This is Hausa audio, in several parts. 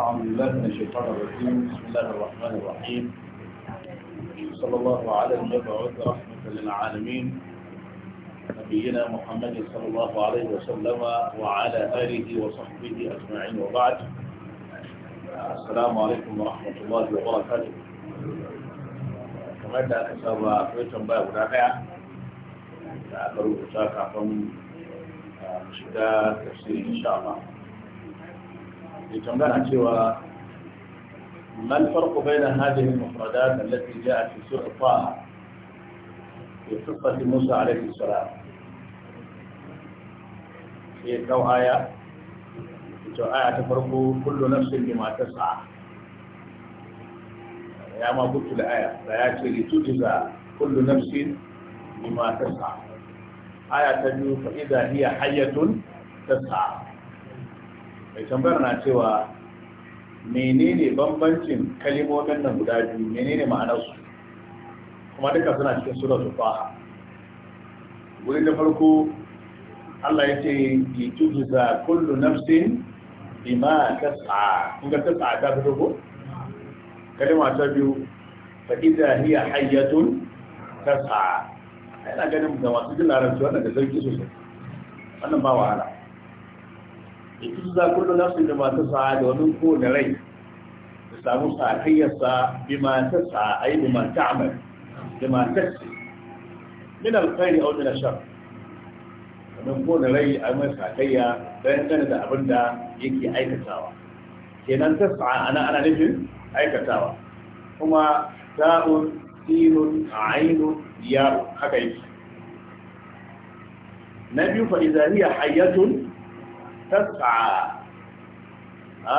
أعوذ بالله من الشيطان الرجيم بسم الله الرحمن الرحيم صلى الله على المبعوث رحمة للعالمين نبينا محمد صلى الله عليه وسلم وعلى آله وصحبه أجمعين وبعد السلام عليكم ورحمة الله وبركاته kamar da aka saba باب tambaya guda daya da aka rubuta kafin shiga tafsirin insha tambaya سوى ما الفرق بين هذه المفردات التي جاءت في سورة طه في قصة موسى عليه السلام في كو آية آية تفرق كل نفس بما تسعى يا يعني ما قلت الآية فياتي لتجزى كل نفس بما تسعى آية تجو فإذا هي حية تسعى mai tambayar na cewa menene bambancin kalimomin nan guda biyu menene ma'anarsu kuma duka suna cikin suratul faha Wurin da farko Allah ya ce ki tujza kullu nafsin bima tas'a kun ga tas'a ta fito ko kalima ta biyu fa idza hiya hayyatun tas'a ina ganin da masu jin larabci wannan da sarki sosai wannan ba wahala ita su za da nafsin da masu sa'a wani ko da rai da samu sa'ayyarsa bi masu sa'ai bi ma ta'amal bi ma tassi min alkhairi aw min ashar domin ko da rai a mai sa'ayya dan kana da abin da yake aikatawa kenan tas'a ana ana nufin aikatawa kuma ta'un sinun ainun ya haka yake na biyu fa idza hiya hayyatun tas'a a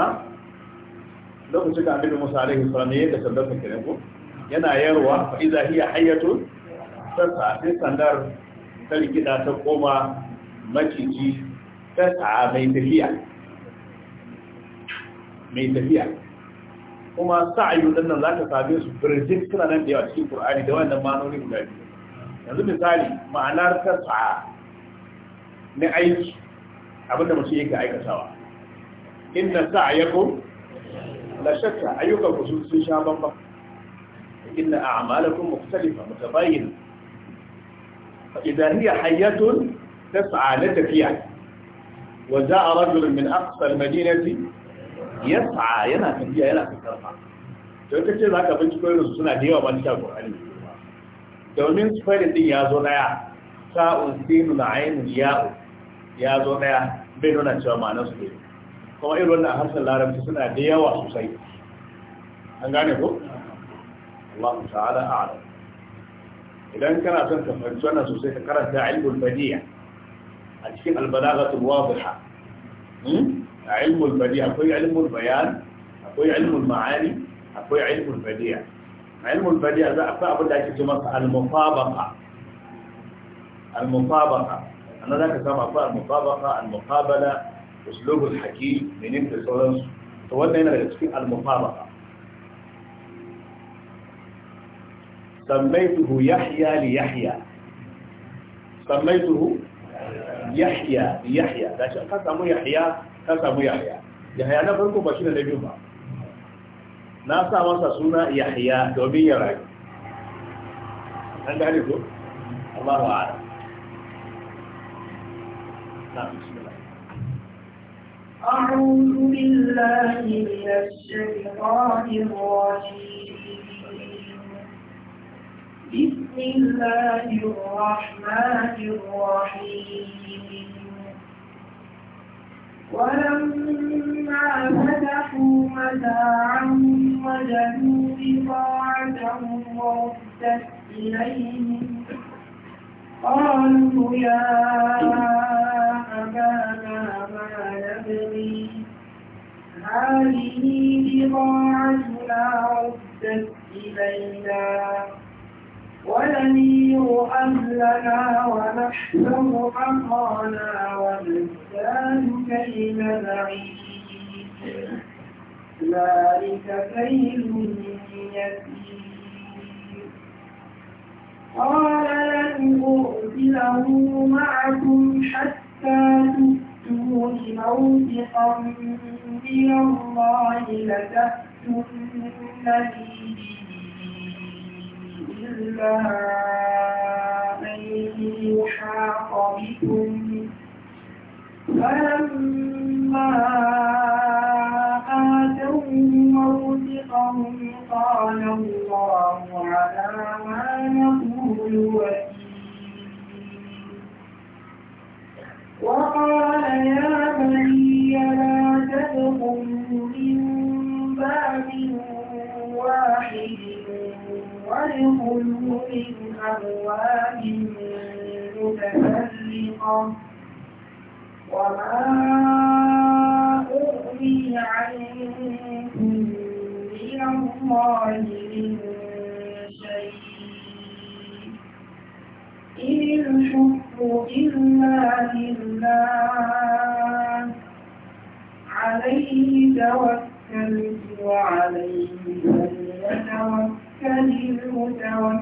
lokacin da abin musa alaihi salam ya da sandar sa ko yana yarwa fa idza hiya hayatu tas'a sai sandar ta rikida ta koma maciji tas'a mai tafiya mai tafiya kuma sa'ayu dan nan zaka sabe su birjin kana nan da yawa cikin Qur'ani da wannan ma'anoni guda biyu yanzu misali ma'anar tas'a ne aiki abinda mutum yake aikatawa inna sa'yakum la shakka ayyukan ku sun sha bamba inna a'malakum mukhtalifa mutabayyin idan idha hiya hayyatun tas'a la tafiya wa za'a rajulun min aqsa al-madinati yas'a yana tafiya yana fitarfa to kace zaka binciko yanzu suna da yawa ba ta Qur'ani domin farin din ya zo daya sa'un sinun ainun ya'u ya zo daya bai nuna cewa ma'anar su ne kuma irin wannan harshen larabci suna da yawa sosai an gane ko Allah ta'ala a'lam idan kana son ka fahimci wannan sosai ka karanta ilmul badi'a a cikin albalaghatul wadiha hmm? ilmul badi'a akwai ilmul bayan akwai ilmul ma'ani akwai ilmul badi'a ilmul badi'a za a fa abin da ake ce masa al-musabaqa al أنا ذاك سامع فاء المطابقة المقابلة أسلوب الحكيم من إنت سولنس فولنا هنا لتسكين المطابقة سميته يحيى ليحيى سميته يحيى ليحيى ده شيء قسم يحيى قسم يحيى يحيى أنا فرقه بشير النبي ما na sa masa suna yahya domin ya rayu an gane نعم، أعوذ بالله من الشيطان الرجيم بسم الله الرحمن الرحيم ولما فتحوا متاعهم وجدوا بضاعتهم وردت إليهم قالوا يا أبانا ما نبني هذه بضاعتنا ردت إلينا ونمير أهلنا ونحفظ حقنا ونزداد كي نعيش ذلك كيل يسير قال لن أرسله معكم حتى كنتموه موثقا من الله لتأتونني إلا أن يحاط بكم فلما آتوه موثقهم قال الله على ما نقول وكيل وقال يا بني لا تدخل من باب واحد وادخل من أبواب متفرقة وما أغني عنكم من الله من شيء إن الحكم إلا لله عليه توكلت وعليه فليتوكل المتوكلون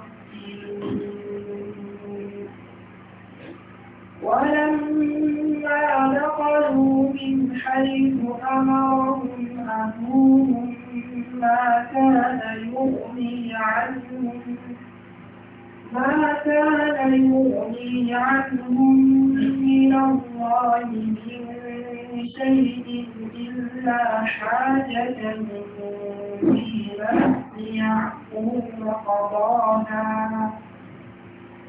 ولما دخلوا من حيث أمرهم أبوهم ما كان يغني عنهم ما كان يغني عنهم من الله من شيء إلا حاجة في نفس يعقوب قضاها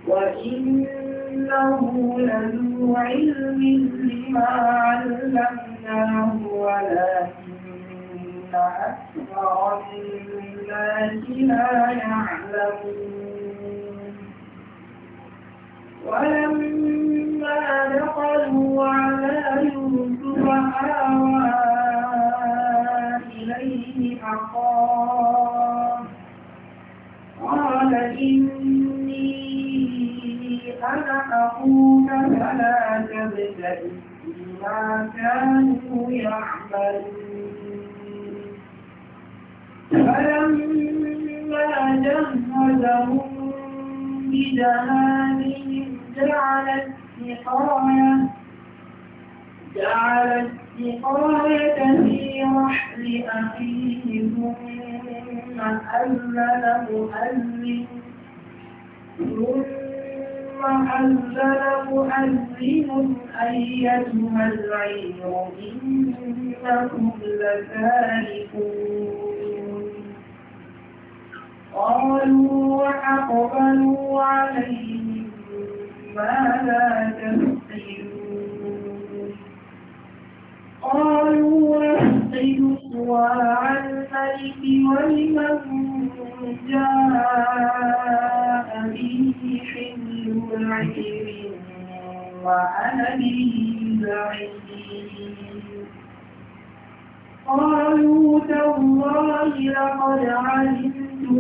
وإنه لذو علم لما علمناه ولكن أكثر الناس لا يعلمون ولما دخلوا على إليه أخاه قال إني أنا أخوك فلا بما كانوا يعملون فلما جهزهم بجهازهم جعل السقاية جعل السقاية في رحل أخيه ثم أذن مؤذن ثم أذن مؤذن أيتها العير إنكم لسارقون قالوا وأقبلوا عليه ما لا تفعلون قالوا نحقد صواع الملك ولمن جاء به حمل العير وأنا به زعيم قالوا تالله لقد علمتم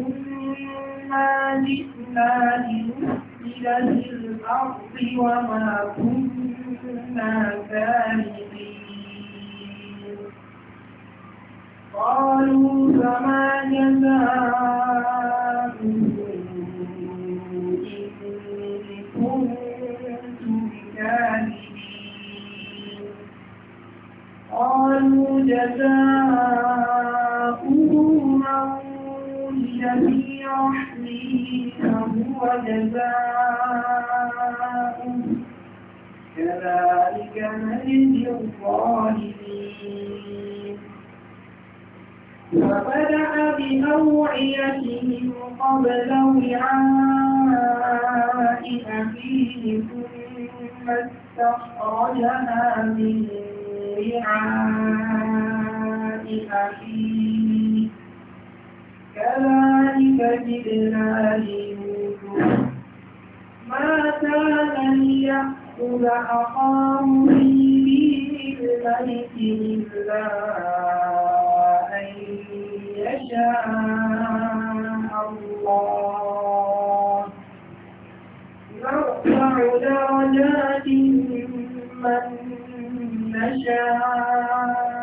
ما جئنا لنفسد إلى الأرض وما كنا سالمين قالوا فما جزاؤه إن كنتم كاذبين قالوا جزاؤه من جميع رحمه فهو جزاء كذلك نجزي الظالمين فبدأ بأوعيتهم قبل وعاء أخيه ثم استخرجها من وعاء أخيه كذلك جئنا ما كان ليأخذ أخاه في الملك إلا أن يشاء الله نرفع درجات من نشاء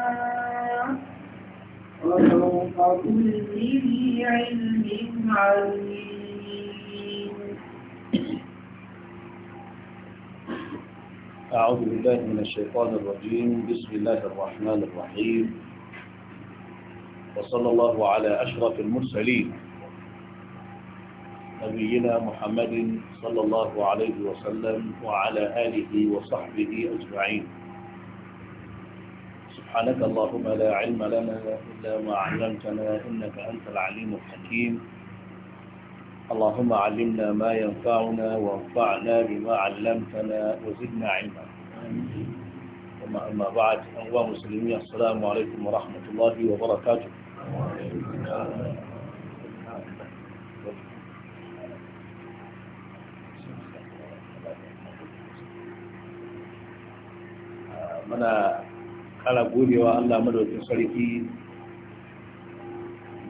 كل ذي علم عليم أعوذ بالله من الشيطان الرجيم بسم الله الرحمن الرحيم وصلى الله على أشرف المرسلين نبينا محمد صلى الله عليه وسلم وعلى آله وصحبه أجمعين سبحانك اللهم لا علم لنا إلا ما علمتنا إنك أنت العليم الحكيم اللهم علمنا ما ينفعنا وانفعنا بما علمتنا وزدنا علما أما بعد أهواء مسلمين السلام عليكم ورحمة الله وبركاته منا kara godewa Allah madaukin sarki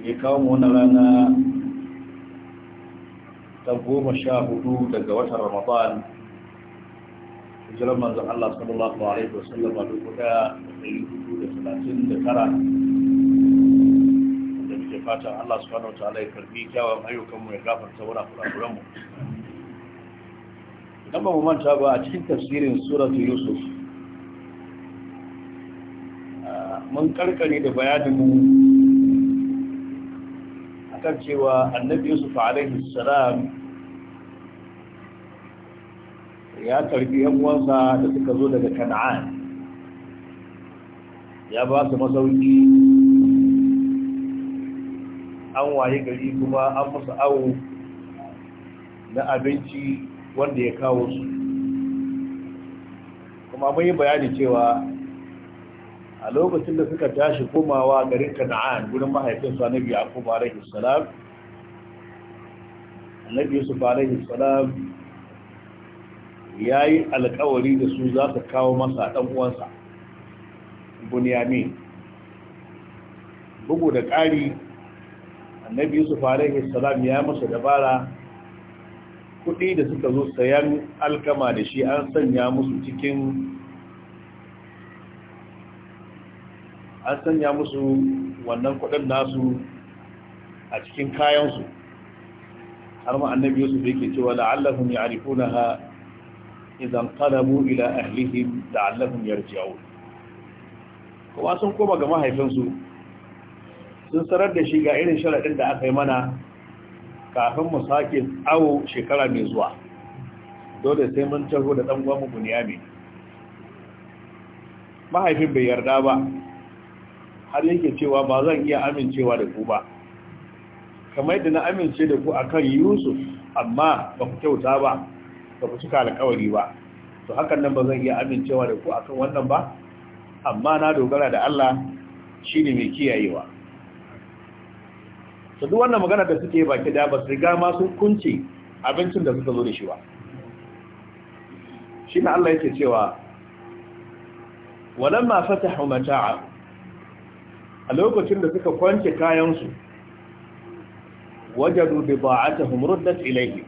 ya kawo mu wannan rana ta goma sha hudu daga watan Ramadan jiran manzon Allah sallallahu alaihi wasallam a dubu da ɗari hudu da talatin da tara da muke fatan Allah subhanahu wa ta'ala ya karbi kyawun ayyukanmu ya gafarta wani kurakuranmu idan ba mu manta ba a cikin tafsirin suratu yusuf mun karkare da bayaninmu akan cewa annabi yusuf alaihi salam ya tarbi yan uwansa da suka zo daga kan'an ya ba su masauki an waye gari kuma an masa awo na abinci wanda ya kawo su kuma mun yi bayani cewa a lokacin da suka tashi komawa garin kana'an gurin mahaifinsu annabi yaqub alaihi salam annabi yusuf alaihi salam yayi alƙawari da su za su kawo masa dan uwansa bunyamin bugu da ƙari annabi yusuf alaihi salam ya masa dabara kuɗi da suka zo sayan alkama da shi an sanya musu cikin an sanya musu wannan kudin nasu a cikin kayansu har ma annabi yusuf yake cewa la'allahum ya'rifunaha idan qalabu ila ahlihim la'allahum yarji'un kuma sun koma ga mahaifinsu sun sarar da shi ga irin sharaɗin da aka yi mana kafin mu sake awo shekara mai zuwa dole sai mun taho da ɗan gwamu buniyami mahaifin bai yarda ba har yake cewa ba zan iya amincewa da ku ba kamar yadda na amince da ku akan yusuf amma ba ku kyauta ba ba ku cika alkawari ba to hakan nan ba zan iya amincewa da ku akan wannan ba amma na dogara da Allah shi ne mai kiyayewa su duk wannan magana da suke baki da ba su riga ma sun kunce abincin da suka zo da shi ba shi na Allah yake cewa walamma fatahu mata'a a lokacin da suka kwance kayansu wajadu bi ba'atuhum ruddat ilayhi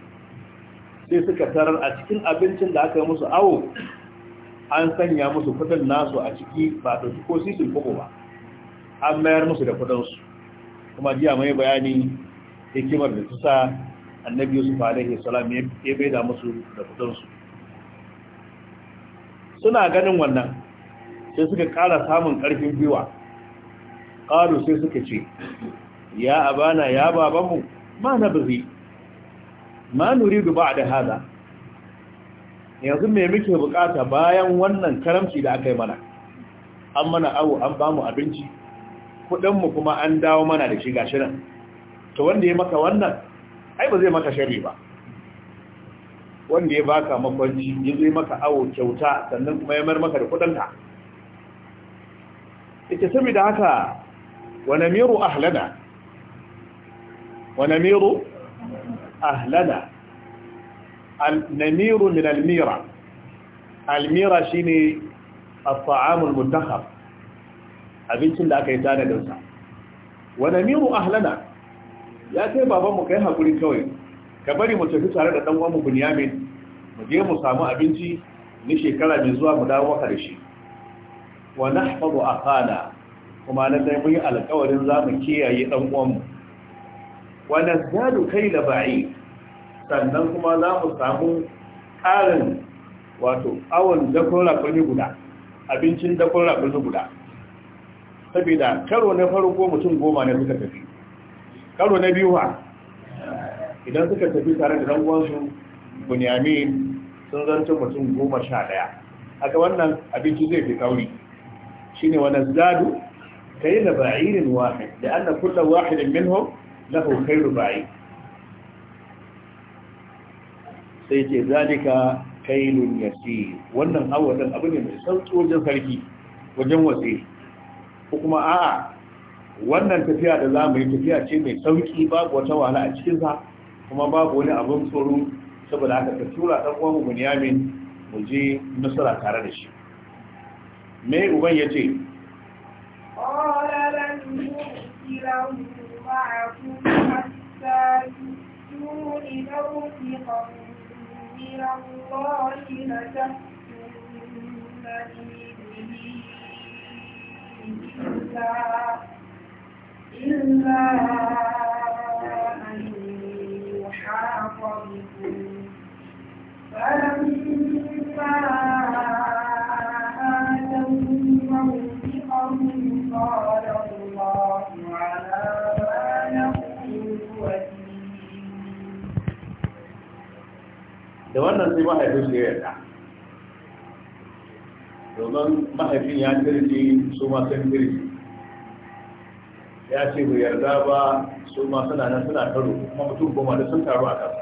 sai suka tarar a cikin abincin da aka yi musu awo an sanya musu kudin nasu a ciki ba dauki ko su koko ba an mayar musu da kudin su kuma jiya mai bayani hikimar da tusa annabi yusuf alaihi salam ya baida musu da kudin su suna ganin wannan sai suka kara samun karfin biwa ƙaru sai suka ce ya abana ya babanmu ma na bazi ma nuri duba da hada yanzu me muke bukata bayan wannan karamci da aka yi mana an mana awo an ba mu abinci kudinmu kuma an dawo mana da shi shirin. to wanda ya maka wannan ai ba zai maka shari ba wanda ya baka makwanci ya zai maka awo kyauta sannan kuma ya mar maka da kudinka ita da haka wa namiru ahlana wa shine at-ta'amul abincin da aka yi tana da sa wa namiru ya kai baban mu kai hakuri kawai ka bari mu tafi tare da dan uwan mu Bunyamin mu je mu samu abinci ni shekara mai zuwa mu dawo maka da shi wa nahfadu kuma na dai mun yi alƙawarin za mu kiyaye ɗan uwanmu wannan zadu kai da ba'i sannan kuma za mu samu ƙarin wato awon dakon rakuni guda abincin dakon rakuni guda saboda karo na farko mutum goma ne suka tafi karo na biyu ha idan suka tafi tare da ɗan'uwansu bunyamin sun zanta mutum goma sha ɗaya haka wannan abinci zai fi kauri shi ne wani zadu كيل بعير واحد لأن كل واحد منهم له خير بعير سيتي ذلك kailun yasir wannan awadan abu ne mai sauki wajen sarki wajen wasi ko kuma a'a wannan tafiya da za mu yi tafiya ce mai sauki babu wata wahala a cikin sa kuma babu wani abin tsoro saboda aka ka tura dan uwan mu Bunyamin mu je nasara tare da shi me uban yace رسله معكم حتى تؤتون موثقا من الله لتأتون به إلا إلا أن يحاط بكم فلما da wannan sai mahaifin shi ya yarda domin mahaifin ya kirji su masu kirji ya ce bai yarda ba su masu suna nan suna taro kuma mutum goma da sun taru a kasa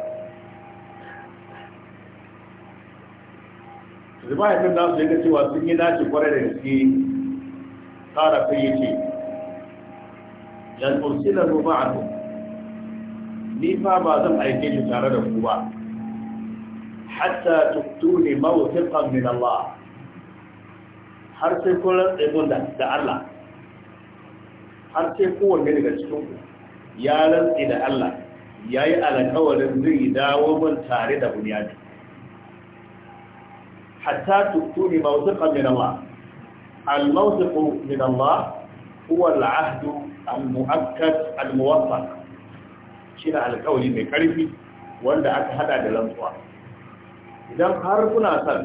da mahaifin nasu su yi cewa sun yi nashi kwarai da gaske Kara kai yi ce yan na ruba a ni fa ba zan aike shi tare da ku ba hatta tuktuni mawthiqan min Allah har sai kun rantsa mun da Allah har sai kowanne daga cikin ku ya rantsi da Allah yayi alƙawarin zai dawo mun tare da bunyani hatta tuktuni mawthiqan min Allah al-mawthiq min Allah huwa al-ahd al-mu'akkad al-muwaffaq shi ne alƙawari mai ƙarfi wanda aka hada da rantsuwa idan har kuna son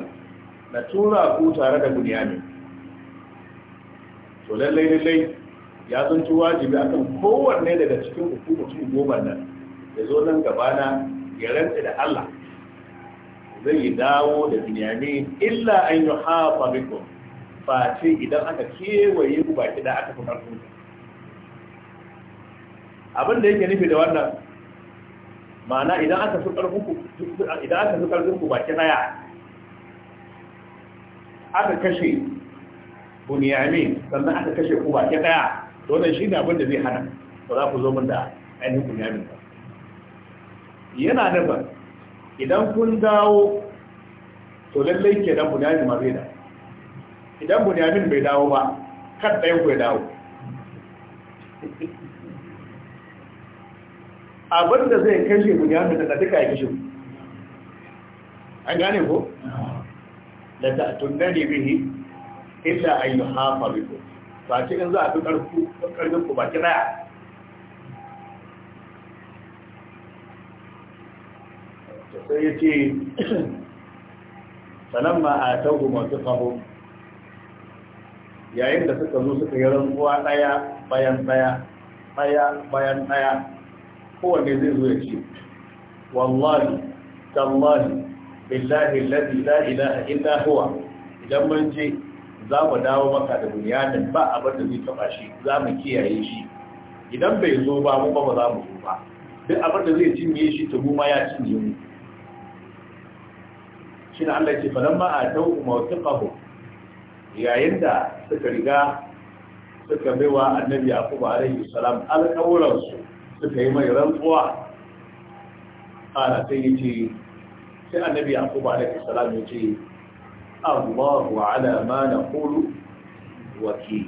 na tura ku tare da ne to lallai lallai ya zanci wajibi akan kowanne daga cikin uku mutum goma nan ya zo nan gabana ya rantsa da Allah zai yi dawo da ne illa an yi hafa biku ba ce idan aka kewaye ku baki da aka fi karfin abin da yake nufi da wannan ma'ana idan aka fi ƙarfin ba baki ɗaya, aka kashe buniyami sannan aka kashe ku baki to wannan shi ne abin da zai hana ba za ku zo min da ainihin buniyami ba yana nufin idan kun dawo to lallai ke dan buniyami ma zai da idan buniyamin bai dawo ba kan ɗayan ku ya dawo abin da zai kashe mu yana da duka ya kashe mu an gane ko da ta tunani bihi illa an yi biku ba ce in za a fi ƙarfin ku ba ki daya sai ya ce sanan ma a taugu masu kaho yayin da suka zo suka yi uwa ɗaya bayan ɗaya ɗaya bayan ɗaya kowanne zai zo ya ce wallahi tallahi billahi alladhi la ilaha illa huwa idan mun je za mu dawo maka da bunyanin ba abin da zai taba shi za mu kiyaye shi idan bai zo ba mu ba ba za mu zo ba duk abin da zai cinye shi to mu ma ya cinye mu shi na Allah ya ce falamma atau mawtiqahu yayin da suka riga suka wa annabi yaqub alaihi salam alƙawuransu suka yi mai rantsuwa ana sai ya ce sai annabi a kuma alaihi salam ya ce Allahu ala ma naqulu wakil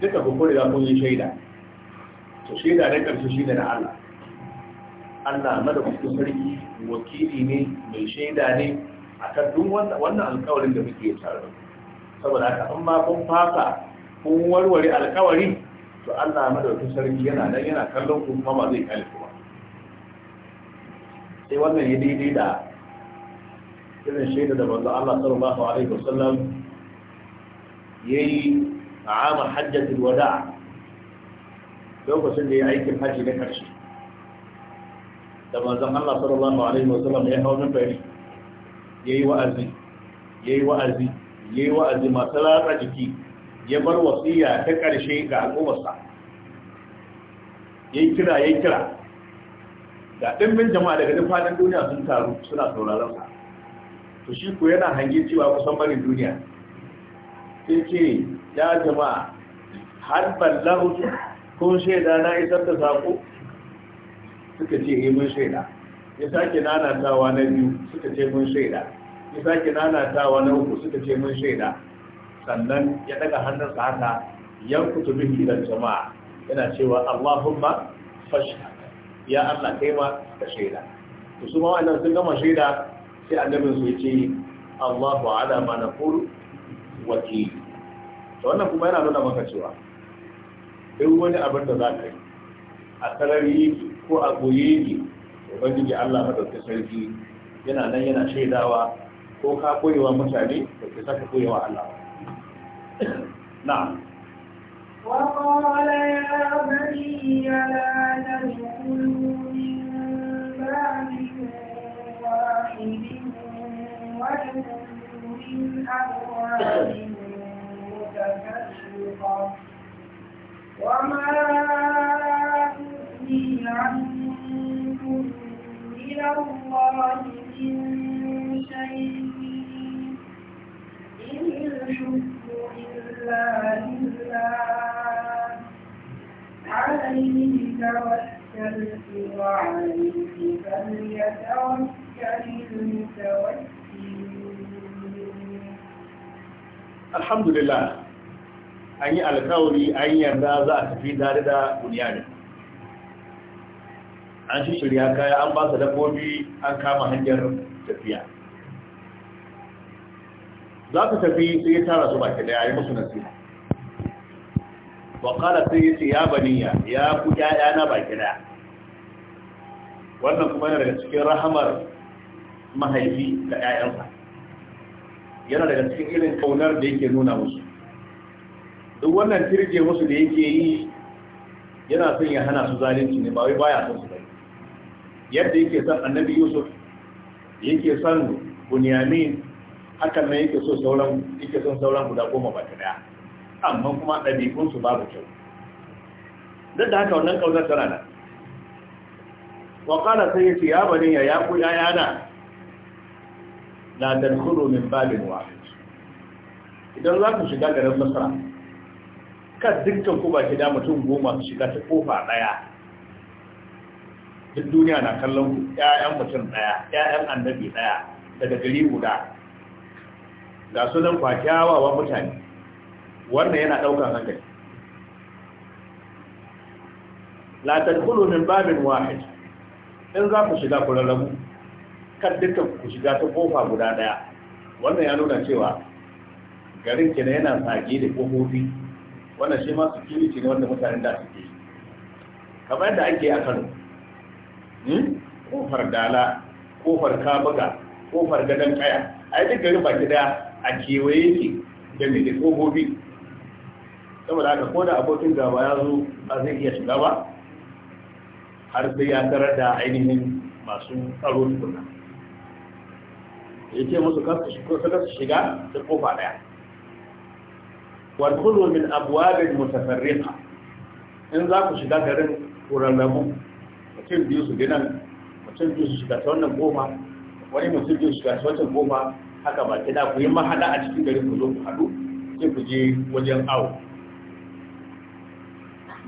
duka ku kore da kun yi shaida to shaida da karshe shi da Allah Allah madaukakin sarki wakili ne mai shaida ne a kan duk wannan alƙawarin da muke tare saboda haka in ma kun fasa kun warware alƙawari to Allah na madaukin sarki yana nan yana kallon ku kuma ba zai kale ku sai wannan ya daidai da irin shaida da manzo Allah sallallahu alaihi wasallam yayi a amar hajjatul wada lokacin da ya aikin haji na karshe da manzon Allah sallallahu alaihi wasallam ya hawo minbari yayi wa'azi yayi wa'azi yayi wa'azi masu latsa jiki ya bar wasiya ta ƙarshe ga al'ummarsa Ya kira ya kira ga ɗimbin jama'a daga duk ɗan duniya sun taru suna sauraron sa to shi ku yana hangi cewa kusan barin duniya sai ce ya jama'a har ballahu kun shaida na isar da saƙo suka ce yi eh, mun shaida ya sake nanatawa na biyu suka ce mun shaida ya sake nanatawa na uku suka ce mun shaida sannan ya daga hannunsa haka yankutu bihi da jama'a yana cewa Allahumma fashhad ya Allah kai ma ka shaida to su ma wannan sun gama shaida sai annabi su yace Allahu ala ma naqulu wakil to wannan kuma yana nuna maka cewa duk wani abin da za ka yi a sarari ko a goye ne ubangiji Allah madaukakin sarki yana nan yana shaidawa ko ka koyewa mutane da ke saka koyewa Allah نعم وقال يا بني لا تدخلوا من باب واحد وادخلوا من أبواب متفرقة وما أغني عنكم من الله من شيء الحكم إلا an yi alkawari an yarda za a tafi tare da buniyari an shirya kaya an ba su dabbobi an kama hanyar tafiya za ka tafi sai ya tara su baki daya ya musu nasiha wa qala sai ya ce ya baniya ya ku yaya na baki daya wannan kuma yana daga cikin rahamar mahaifi ga yayansa yana daga cikin irin kaunar da yake nuna musu duk wannan tirje musu da yake yi yana son ya hana su zalunci ne ba wai baya son su bai yadda yake son annabi yusuf yake son bunyamin hakan nan yake so sauran yake son sauran guda goma ba ta daya amma kuma ɗabi'unsu babu kyau duk da haka wannan ƙaunar tana nan waƙala sai yace ya bane ya ya ku yaya na la tadkhulu min babin wahid idan za ku shiga garin masara kan dukkan ku ba da mutum goma su shiga ta kofa ɗaya duk duniya na kallon ku ƴaƴan mutum ɗaya ƴaƴan annabi ɗaya daga gari guda ga sunan kwakyawawan mutane wannan yana daukan hankali la tadkhulu min babin wahid in za ku shiga ku rarrabu kan dukkan ku shiga ta kofa guda daya wannan ya nuna cewa garin kina yana sage da kofofi wannan shi ma security ne wanda mutanen da suke kamar yadda ake a Kano kofar hmm? dala kofar kabuga kofar gadon kaya ai duk garin baki daya a kewaye ki da mai tsohobi saboda haka ko da abokin gaba ya zo ba zai iya shiga ba har sai ya tarar da ainihin masu tsaro tukuna ya ce musu kasu shiga da kofa daya wadkulu min abuwabin mutafarrika in za ku shiga garin kurarrabu mutum biyu su ginan mutum biyu su shiga ta wannan goma wani mutum biyu su shiga ta wancan goma haka ba kina ku yi mahada a cikin gari ku zo ku haɗu sai ku je wajen awo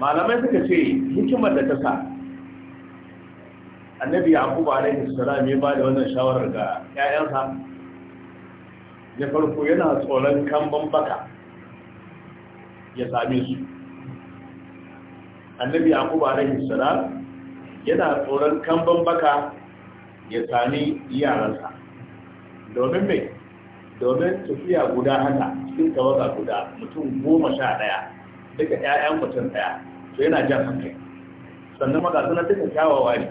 malamai suka ce hikimar da ta sa annabi a alaihi salam ya ba da wannan shawarar ga ƴaƴansa na farko yana tsoron kamban baka ya same su annabi yaqubu alaihi salam yana tsoron kamban baka ya sami yaransa domin mai domin tafiya guda haka cikin tawaga guda mutum goma sha ɗaya duka ƴaƴan mutum ɗaya to yana jan hankali sannan maza suna duka kyawawa ne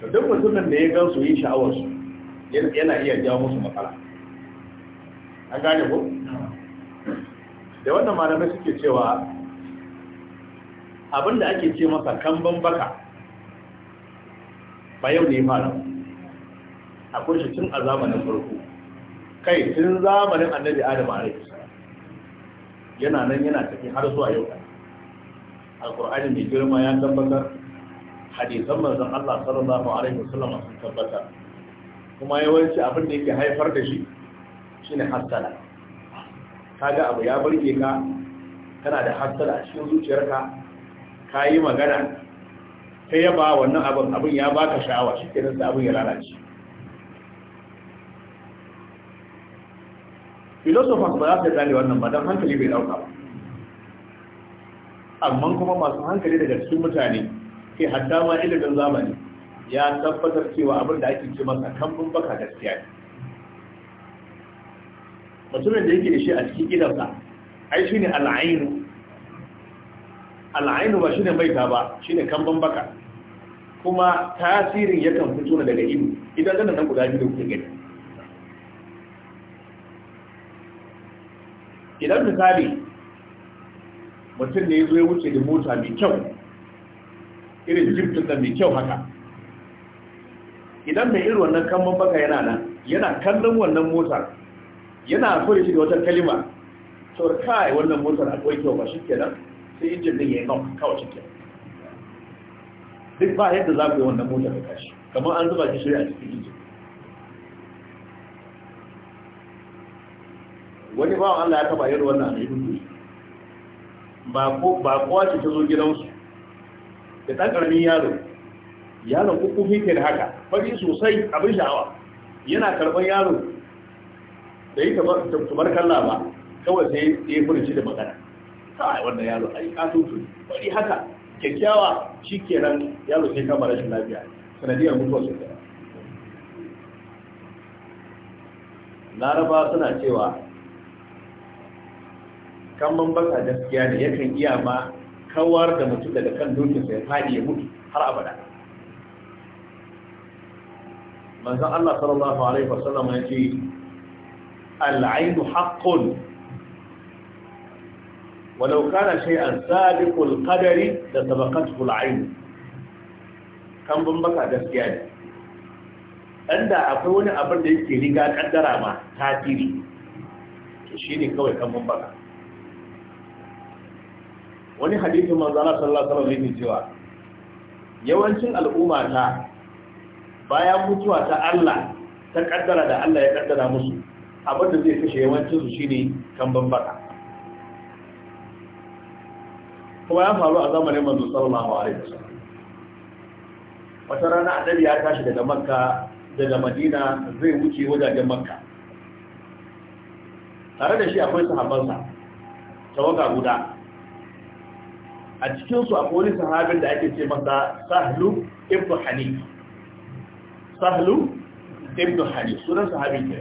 to duk mutumin da ya gan su yi sha'awar su yana iya jawo musu matsala an gane ku. da wannan malamai suke cewa abin da ake ce masa kan baka ba yau ne fara akwai shi tun a zamanin farko kai tun zamanin annabi adam alaihi yana nan yana tafi har zuwa yau alqur'ani mai girma ya tabbatar hadisan manzon Allah sallallahu alaihi wasallam sun tabbata. kuma yawanci abin da yake haifar da shi shine hasala kaga abu ya burge ka kana da hasala a cikin zuciyarka ka yi magana ta yaba wannan abin abin ya baka sha'awa shi kenan sai abin ya lalace filosofas ba za su gane wannan ba don hankali bai dauka amma kuma masu hankali daga cikin mutane ke hatta ma ilimin zamani ya tabbatar cewa abin da ake ce masa kambun baka gaskiya ne mutumin da yake da shi a cikin idansa ai shine al'ainu al'ainu ba shine maita ba shine kan baka kuma tasirin yakan fito daga ido idan ganin nan guda biyu da kuke gani idan misali mutum ne zai wuce da mota mai kyau irin jimtun da mai kyau haka idan mai irin wannan kamban baka yana nan yana kallon wannan motar yana so shi da wata kalima to kai wannan motar akwai kyau ba shi nan, sai injin din ya yi nok kawai shi duk ba yadda za ku yi wannan motar da kashi kamar an zuba shi shirya a cikin injin wani bawan Allah ya taba yin wannan abin ba ko ba kowa ce ta zo gidansu da ɗan ƙaramin yaro yaron kuku ke da haka fari sosai abin sha'awa yana karɓar yaro da yi tabar kalla ba kawai sai ya yi furci da magana kawai wannan yaro ai su fari haka kyakkyawa shi kenan yaro sai kama rashin lafiya sanadiyar mutuwar su laraba suna cewa kallon baka gaskiya ne yakan iya ma kawar da mutum daga kan dokinsa ya faɗi ya mutu har abada manzon Allah sallallahu alaihi wasallam ya ce al'ainu haqqun walau kana shay'an sabiqul qadari da sabaqathu al'ain kan ban baka gaskiya ne da akwai wani abin da yake riga kaddara ma ta tasiri to shine kawai kan ban baka wani hadisin manzana sallallahu alaihi wasallam cewa yawancin al'umma ta bayan mutuwa ta Allah ta kaddara da Allah ya kaddara musu abin da zai kashe yawancin su shine kan bambaka kuma ya faru a zamanin manzo sallallahu alaihi wasallam wata rana annabi ya tashi daga makka daga madina zai wuce wajajen makka tare da shi akwai sahabbansa tawaga guda a cikin su akwai wani sahabin da ake ce masa sahlu ibnu hanif sahlu ibnu hanif sunan sahabin ne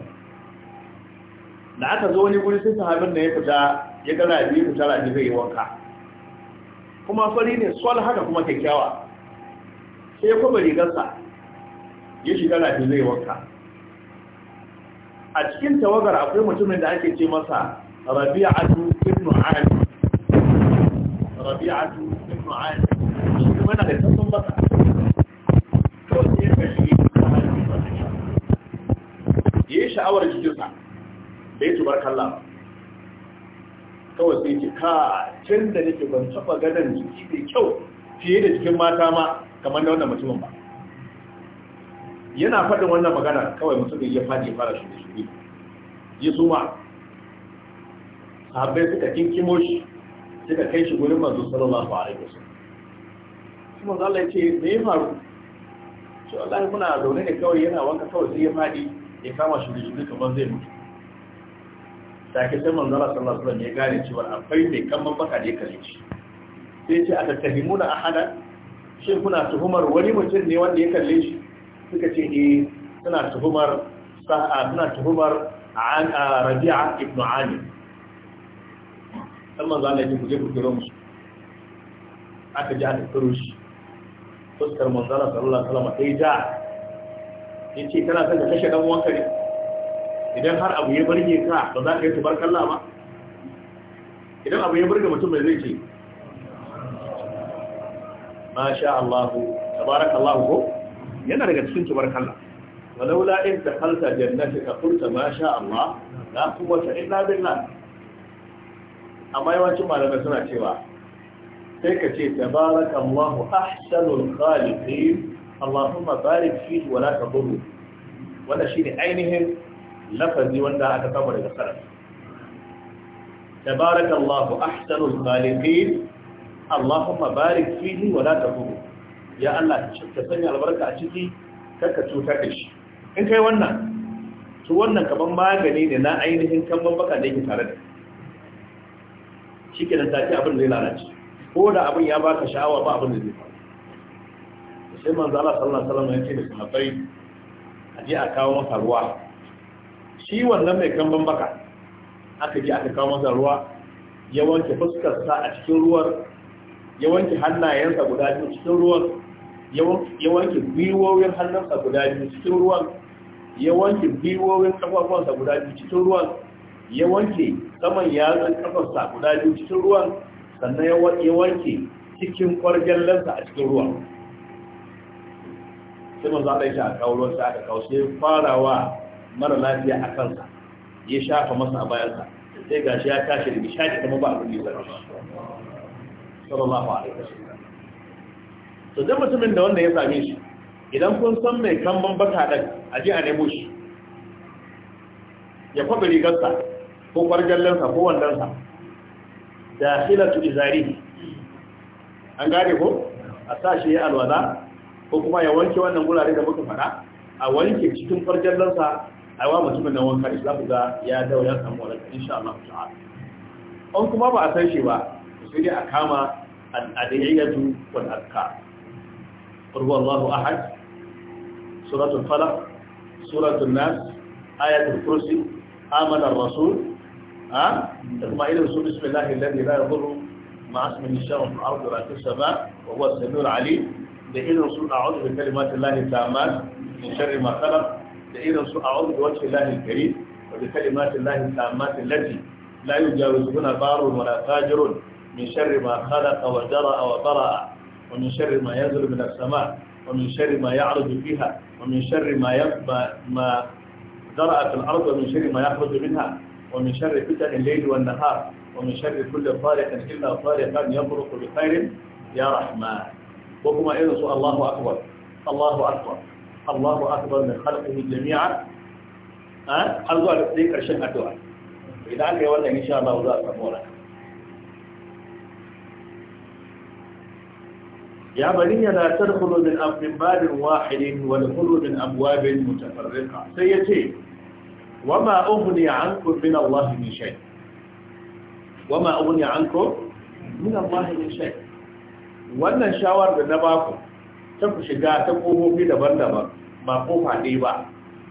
da aka zo wani guri sai sahabin da ya fita ya ga rabi ya fita rabi zai yi wanka kuma fari ne sol haka kuma kyakkyawa sai ya kuma rigarsa ya shiga rafi zai wanka a cikin tawagar akwai mutumin da ake ce masa rabi'atu ibn hanif rabi'a ibn ma'ad shi mana da tsantsan baka to sai ka sha'awar jikin sa bai tubarkalla kawai sai ki ka can da nake ban taba ganin jiki da kyau fiye da jikin mata ma kamar da wannan mutumin ba yana faɗin wannan magana kawai mutumin ya faɗi fara shi da ya suma sahabbai suka kinkimo shi suka kai shi gurin manzo sallallahu alaihi wasallam kuma manzo Allah ya ce me ya faru shi wallahi muna zaune ne kawai yana wanka kawai sai ya fadi ya kama shi da jini kamar zai mutu sake sai manzo Allah sallallahu alaihi wasallam ya gane cewa akwai mai kamman baka da ya kare shi sai ya ce a tattahimuna ahada shin kuna tuhumar wani mutum ne wanda ya kalle shi suka ce eh suna tuhumar sa'a suna tuhumar rabi'a ibnu Ali. sai manzo Allah ya ku je ku musu aka ji aka kiro shi fuskar manzo Allah sallallahu alaihi wasallam sai ya ce tana son ka kashe dan uwanka ne idan har abu ya barge ka ba za ka yi kalla ba idan abu ya burge mutum mai zai ce masha Allah tabarak Allah ko yana daga cikin tubarkalla walaula in dakhalta jannataka qulta masha Allah la quwwata illa billah amma yawancin malamai suna cewa sai ka ce tabarakallahu ahsanul khaliqin Allahumma barik fihi wa la tadur wanda shine ainihin lafazi wanda aka saba daga salaf tabarakallahu ahsanul khaliqin Allahumma barik fihi wa la tadur ya Allah ka sanya albarka a ciki karka cutar da shi in kai wannan to wannan kaman magani ne na ainihin kan babbaka da yake tare da kai shi ke nan take abin da ya lalace ko da abin ya baka sha'awa ba abin da zai faru sai manzo Allah sallallahu alaihi wasallam ya ce da sahabbai a je a kawo masa ruwa shi wannan mai kamban baka aka je aka kawo masa ruwa ya wanke fuskarsa a cikin ruwan ya wanke hannayensa guda biyu cikin ruwan ya wanke gwiwowin hannunsa guda biyu cikin ruwan ya wanke gwiwowin kafafuwansa guda biyu cikin ruwan ya wanke saman yatsun kafarsa guda biyu cikin ruwan sannan ya wanke cikin lansa a cikin ruwan sai manzo Allah ya sha kawo ruwan sa aka kawo sai farawa mara lafiya a kansa ya shafa masa a bayansa sai gashi ya tashi da bishadi kuma ba abin da ya sallallahu alaihi wasallam to dan mutumin da wanda ya same shi idan kun san mai kamban baka dan aje a nemo shi ya kwabe rigarsa ko kwarjallansa ko wandansa da hilatu izari an gane ko a sa ya alwala ko kuma ya wanke wannan gurare da muka fara a wanke cikin kwarjallansa a wa mutumin nan wanka islamu ga ya dawo ya samu wadda insha Allah ta'ala an kuma ba a san shi ba sai dai a kama al-adiyatu wal azkar qul huwallahu ahad suratul falaq suratul nas ayatul kursi amana ar-rasul ها اطمئن بسم الله الذي لا يضر مع اسمه الشر في الارض ولا في السماء وهو السميع العليم لئن رسول اعوذ بكلمات الله التامات من شر ما خلق لئن رسول اعوذ بوجه الله الكريم وبكلمات الله التامات التي لا يجاوزهن بار ولا فاجر من شر ما خلق وجرى وبرأ ومن شر ما ينزل من السماء ومن شر ما يعرج فيها ومن شر ما ما زرع في الأرض ومن شر ما يخرج منها ومن شر فتن الليل والنهار ومن شر كل طارق إلا طارقا يبرق بخير يا رحمن وكما إذن الله أكبر الله أكبر الله أكبر من خلقه جميعا ها على ذلك الشيء الدعاء إذا أنك يولد إن شاء الله ذات أمورا يا بني لا تدخلوا من باب واحد ولكلوا من أبواب متفرقة سيتين wama ughni ankum min Allah min shay wama ughni ankum min Allah min shay wannan shawar da na baku ta ku shiga ta kofofi daban-daban ba kofa ɗaya ba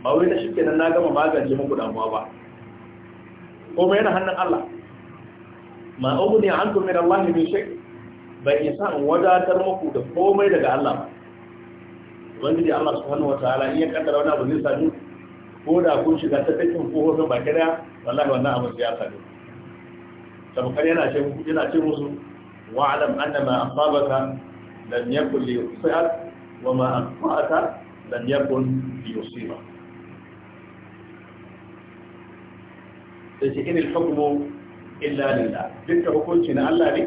ba wai na shike nan na gama magance muku damuwa ba kuma na hannun Allah ma ughni ankum min Allah min shay bai isa in wadatar muku da komai daga Allah ba wanda dai Allah subhanahu wataala in ya kaddara wani abu zai sami ko da kun shiga ta cikin kohofin baki daya wallahi wannan abin ya sabu sabukar yana ce yana ce musu wa alam annama asabaka lam yakun li yusiba wa ma akhta'ata lam yakun li yusiba sai ce inil hukmu illa lillah dukkan hukunci na Allah ne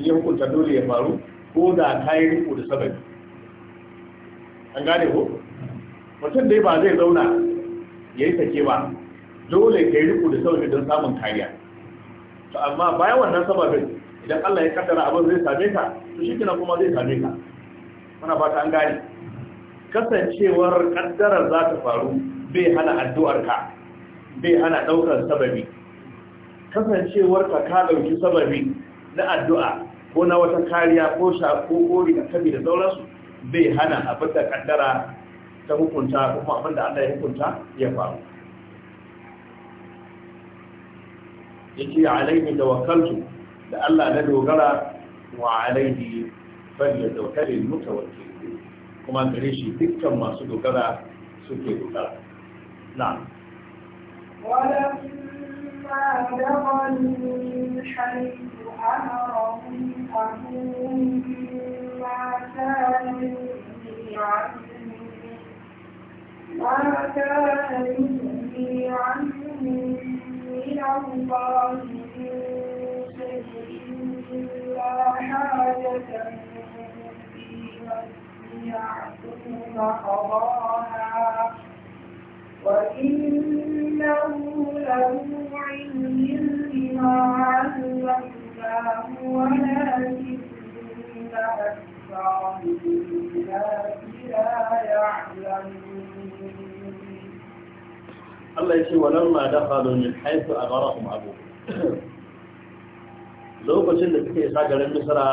in ya hukunta dole ya faru ko da ta riko da sabai an gane ko mutum dai ba zai zauna ya yi sake ba dole ka yi riko da sababi don samun kariya to amma bayan wannan sababin idan Allah ya kaddara abin zai same ka to shi kina kuma zai same ka muna fata an gane kasancewar kaddarar za ta faru bai hana addu'ar bai hana daukar sababi kasancewar ka ka dauki sababi na addu'a ko na wata kariya ko shako ko rigakafi da sauransu bai hana abin da kaddara ta hukunta kuma abin da Allah ya hukunta ya faru yake alaihi da wakaltu da Allah na dogara wa alaihi falle daukalin mutawakkil kuma gare shi dukkan masu dogara suke dogara Na. ولما دخلوا من حيث أمرهم أبوهم ما كانوا يعلمون ما كان يغني عنهم من الله من شيء إلا حاجة في نفس يعقوب قضاها وإنه له علم لما علمناه ولكن أكثر الناس لا يعلمون Allah ya ce wa walamma dakhalu min gara kuma abu lokacin da suka isa garin Misra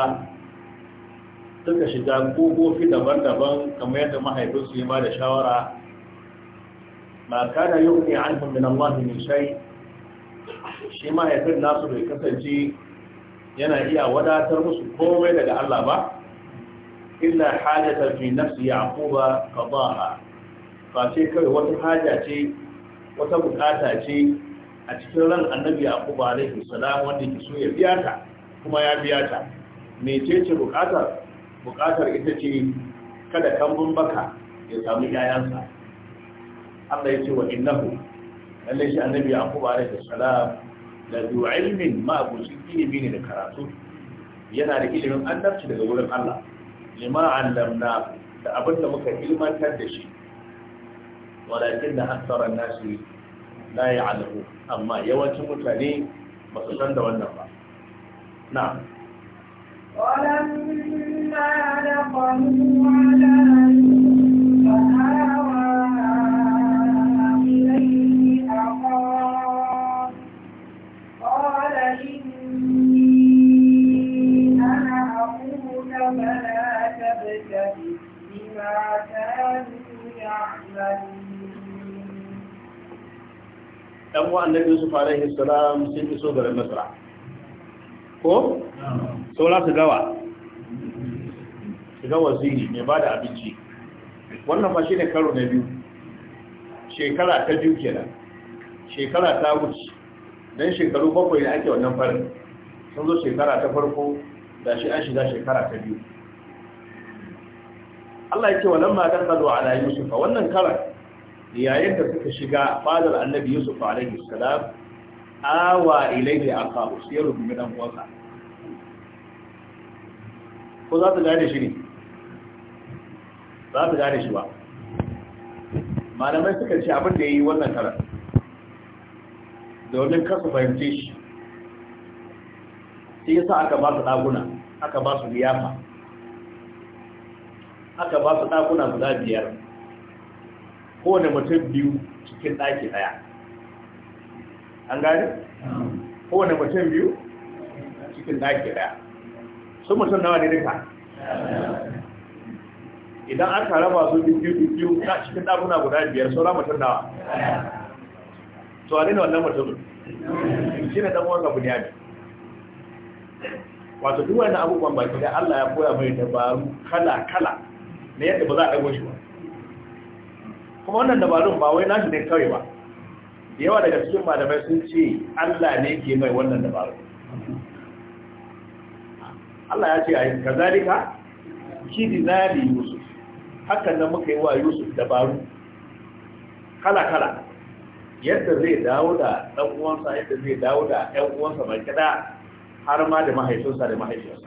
suka shiga kofofi daban-daban kamar yadda mahaifinsu ya ba da shawara ma kana yuqni anhum min Allah min shai. shi mahaifin nasu bai kasance yana iya wadatar musu komai daga Allah ba illa hajjatar fi nafsi ba ha, Ba ce kawai wata haja ce wata bukata ce a cikin ran annabi yaquba alaihi salam wanda ke so ya biya ta kuma ya biya ta ce bukatar bukatar ita ce kada kambun baka ya samu yayansa Allah ya ce wa innahu lalle shi annabi yaquba alaihi salam la zu ilmin ma ilimi ne da karatu yana da ilimin annabci daga wurin Allah lima allamna da abinda muka ilmantar da shi ولكن أكثر الناس لا يعلمون أما يوجه ما بسطن دوانا نعم ولما دخلوا على فآوى إليه قال إني أنا بما كانوا يعملون dan wa annabi Yusuf alaihi salam sun iso garin Misra ko saura su gawa su gawa zini mai bada abinci wannan ba ne karo na biyu shekara ta biyu kenan shekara ta wuce dan shekaru bakwai ne ake wannan farin sun zo shekara ta farko da shi an shiga shekara ta biyu Allah ya wa lamma dan qadu ala yusuf wannan karar yayin da suka shiga fadar annabi yusuf alaihi salam awa ilaihi akahu sai rubu dan uwansa ko za ta gane shi ne za ta gane shi ba malamai suka ce abin da ya yi wannan karar domin kasu fahimce shi sai yasa aka ba su ɗaguna aka ba su liyafa aka ba su ɗaguna guda biyar kowane mutum biyu cikin ɗaki ɗaya an gani? kowane mutum biyu cikin ɗaki ɗaya sun mutum nawa ne duka idan aka raba su biyu biyu na cikin ɗakuna guda biyar saura mutum nawa to a ne wannan mutum shi ne ɗan wanda bunyami wato duk wani abubuwan baki da Allah ya koya mai dabaru kala-kala na yadda ba za a ɗago shi ba kuma wannan dabarun ba wai nashi ne kawai ba da yawa daga cikin malamai sun ce Allah ne ke mai wannan dabarun Allah ya ce a yi kazalika kidi na yi Yusuf hakan nan muka yi wa Yusuf dabaru kala-kala yadda zai dawo da ɗan uwansa yadda zai dawo da ɗan uwansa mai kada har ma da mahaifinsa da mahaifinsa